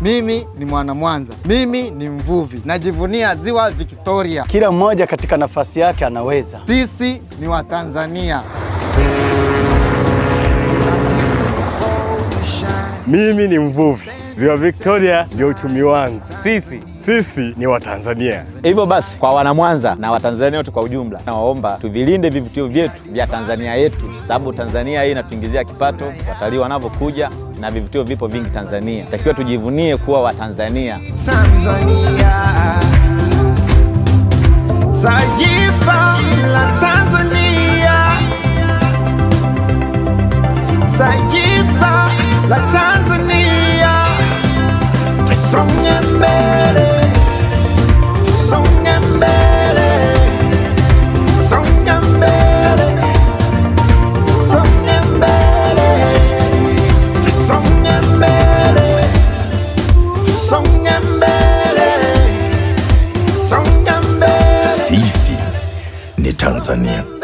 Mimi ni mwana Mwanza, mimi ni mvuvi, najivunia ziwa Victoria. Kila mmoja katika nafasi yake anaweza. Sisi ni Watanzania. Mimi ni mvuvi, ziwa Victoria ndio uchumi wangu. Sisi sisi ni Watanzania. Hivyo basi, kwa wanamwanza na Watanzania wote kwa ujumla, nawaomba tuvilinde vivutio vyetu vya Tanzania yetu, sababu Tanzania hii inatuingizia kipato watalii wanavyokuja na vivutio vipo vingi Tanzania, takiwa tujivunie kuwa Watanzania. Taifa la Tanzania, Taifa la Tanzania, Tanzania. 唱三年。